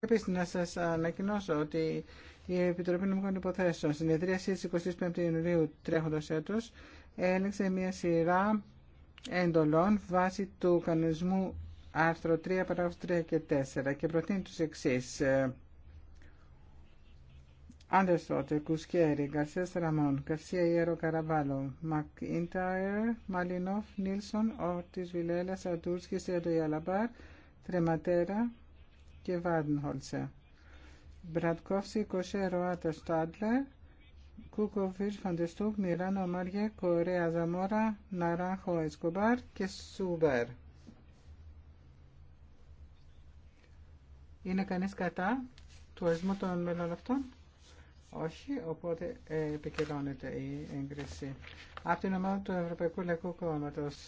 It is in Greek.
Επίση, να σα ανακοινώσω ότι η Επιτροπή Νομικών Υποθέσεων συνεδρίαση τη 25η Ιανουαρίου τρέχοντο έτου έλεγξε μια σειρά εντολών βάσει του κανονισμού άρθρο 3, παράγραφο 3 και 4 και προτείνει του εξή. Άντερ Κουσκέρι, Γκαρσία Στραμών, Γκαρσία Ιέρο Καραβάλο, Μακίνταερ, Μαλινόφ, Νίλσον, Βιλέλα, Σέντο Ιαλαμπάρ, Τρεματέρα, και Βάντενχολτσα. Μπρατκόφσκι, Κοσέ, Ροάτα, Στάντλερ, Κούκοβιτ, Φαντεστούκ, Μιράνο, Μάρια, Κορέα, Ζαμόρα, Ναράχο, Εσκομπάρ και Σούμπερ. Είναι κανείς κατά του ορισμού των μελών αυτών? Όχι, οπότε ε, επικυρώνεται η έγκριση. Από την ομάδα του Ευρωπαϊκού Λαϊκού Κόμματος.